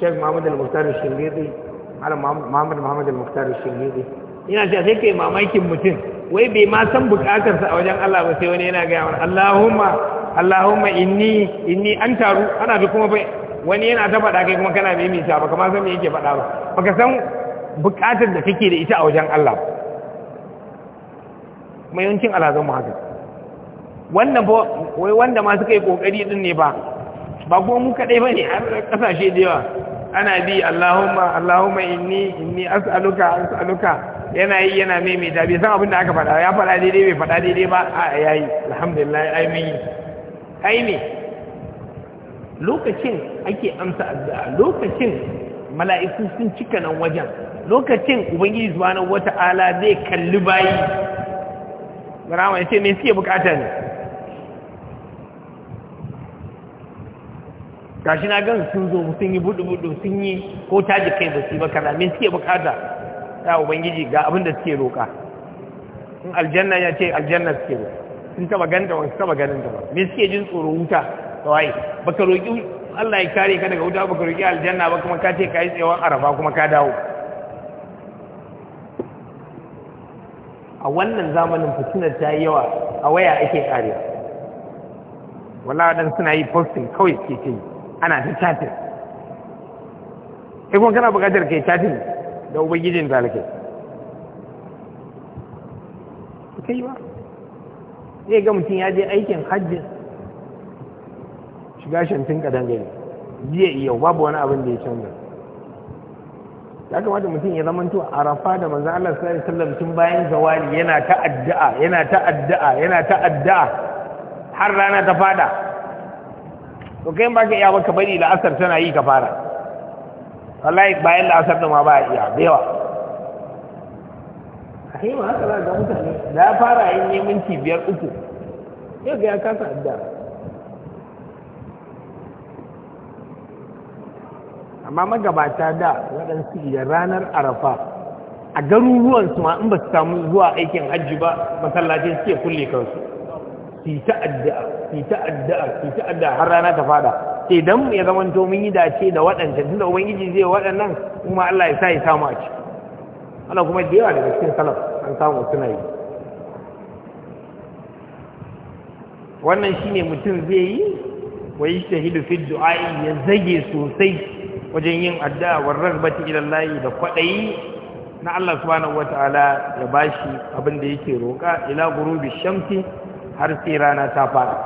Sheikh Muhammad al muhtar Al-Shingidi Malam Muhammad al muhtar Al-Shingidi ina ce sai kai mamakin mutum wai bai ma san sa a wajen Allah ba sai wani yana gaya mana Allahumma Allahumma inni inni an taru ana bi kuma bai wani yana ta faɗa kai kuma kana mai misa ba kamar san me yake faɗa ba baka san bukatar da kake da ita a wajen Allah mai yawancin alhazan mu haka wannan ba wai wanda ma suka yi kokari din ne ba ba kuma mu ba ne. har ƙasashe da yawa ana bi Allahumma Allahumma inni inni as'aluka as'aluka yana yi yana maimaita bai san abin da aka faɗa ya faɗa daidai bai faɗa daidai ba a yayi alhamdulillah ai mun yi ai lokacin ake amsa addu'a lokacin mala'iku sun cika nan wajen lokacin ubangiji subhanahu wata'ala zai kalli bayi rama ya ce me suke bukata ne gashi na gan sun zo sun yi budu-budu sun yi ko taji kai ba su ba kaza me suke bukata ya ubangiji ga abin da suke roƙa in aljanna ya ce aljanna suke roƙa sun taba ganta wani taba ganin ta ba me suke jin tsoro wuta kawai baka roƙi Allah ya kare ka daga wuta baka roƙi aljanna ba kuma ka ce ka yi tsawon araba kuma ka dawo a wannan zamanin fitinar ta yi yawa a waya ake karewa wala dan suna yi posting kawai ke ce ana ta chatting ikon kana bukatar kai chatting da ubangijin talakai ka yi ba zai ga mutum ya je aikin hajji shiga shantin kadan gani jiya iya babu wani abin da ya canza ya kamata mutum ya tuwa a rafa da maza Allah sallallahu alaihi wasallam tun bayan zawali yana ta addu'a yana ta addu'a yana ta addu'a har rana ta fada to kai ba ka iya baka bari bari la'asar tana yi ka fara wallahi bayan la'asar da ma ba iya da yawa sai ma haka za ga mutane da ya fara yin neman cibiyar uku yau ga ya kasa addu'a amma magabata da waɗansu idan ranar arafa a garuruwan su ma in ba su samu zuwa aikin hajji ba masallacin suke kulle kansu su ta addu'a su ta addu'a su ta addu'a har rana ta fada sai dan ya zama to mun yi dace da waɗancan tunda ubangiji zai waɗannan kuma Allah ya sa ya samu a ciki Allah kuma da yawa daga cikin salaf an samu suna yi wannan shine mutum zai yi wa yi shahidu fi du'a ya zage sosai wajen yin addu'a wa ragbati ila Allah da kwadayi na Allah subhanahu wataala ya bashi abin da yake roka ila gurubi shamsi har sai rana ta fara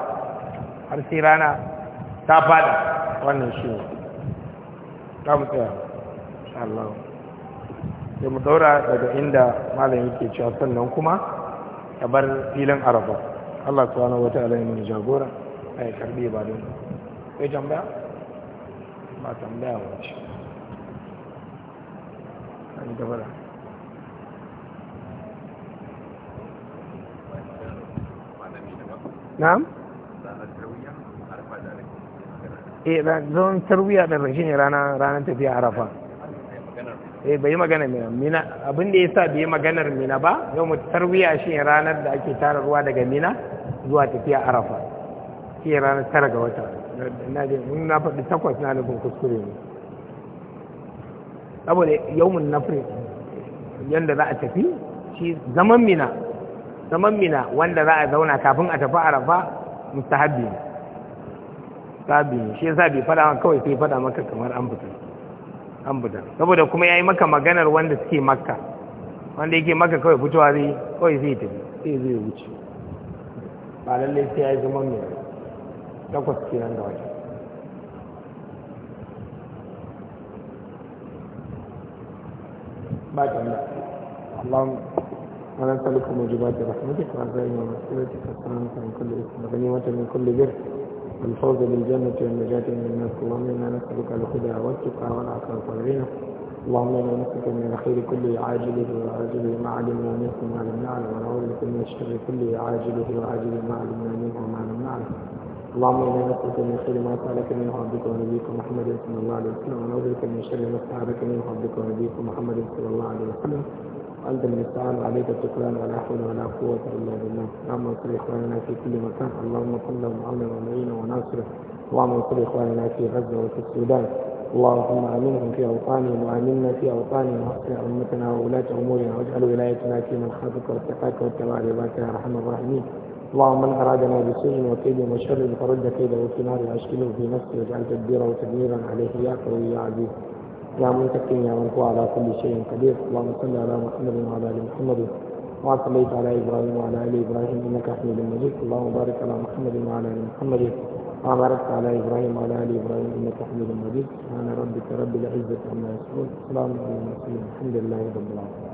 har sai rana ta fara wannan shi ne kamu tsaya Allah sai mu daura daga inda malam yake cewa sannan kuma ya bar filin araba Allah subhanahu wataala ya mun jagora ai karbi ba don kai jamba ba tambaya ba ce an gaba da na'am eh zon tarwiya da rashi ne ranar tafiya arafa eh bai yi maganar mina abin da yasa bai yi maganar mina ba yau mu tarwiya shi ranar da ake tara ruwa daga mina zuwa tafiya arafa shi ranar tara ga wata na da in na faɗi takwas na nufin kuskure ne saboda yawmun nafri yadda za a tafi shi zaman mina zaman mina wanda za a zauna kafin a tafi arafa mustahabbi ne sabi ne shi yasa bai faɗa kawai sai faɗa maka kamar an saboda kuma ya yi maka maganar wanda suke makka wanda yake maka kawai fitowa zai kawai zai tafi sai zai wuce ba lallai sai yi zaman mina takwas kenan da wata ba jami'a اللهم ولا نسألك موجبات رحمتك وعزائم ومسئلتك والسلامة من كل اسم وغنيمة من كل بر والفوز بالجنة والنجاة من الناس اللهم إنا نسألك الهدى والتقى والعفو والغنى اللهم إنا نسألك من الخير كله عاجله وعاجله ما علمنا منه وما لم نعلم ونعوذ بك من الشر كله عاجله وعاجله ما علمنا منه وما لم نعلم اللهم انا نسالك من خير ما سالك منه عبدك ونبيك محمد صلى الله عليه وسلم ونعوذ بك من شر ما استعاذك منه عبدك ونبيك محمد صلى الله عليه وسلم وانت المستعان عليك الشكران ولا حول ولا قوه الا بالله اللهم انصر اخواننا في كل مكان اللهم صل وعلم ومعين وناصر اللهم انصر اخواننا في غزه وفي السودان اللهم امنهم في اوطانهم وامنا في اوطانهم واصلح امتنا وولاه امورنا واجعل ولايتنا في من خافك واتقاك واتبع رضاك يا ارحم الراحمين اللهم من أرادنا بسوء وكيد وشر فرد كيده وفي نار أشكله في نفسه واجعل تدبيره تدميرا عليه يا قوي يا عزيز يا منتقم يا من هو على كل شيء قدير اللهم صل على محمد وعلى آل محمد كما صليت على إبراهيم وعلى آل إبراهيم إنك حميد مجيد اللهم بارك على محمد وعلى آل محمد كما باركت على إبراهيم وعلى آل إبراهيم إنك حميد مجيد سبحان ربك رب العزة عما يصفون سلام على المرسلين الحمد لله رب العالمين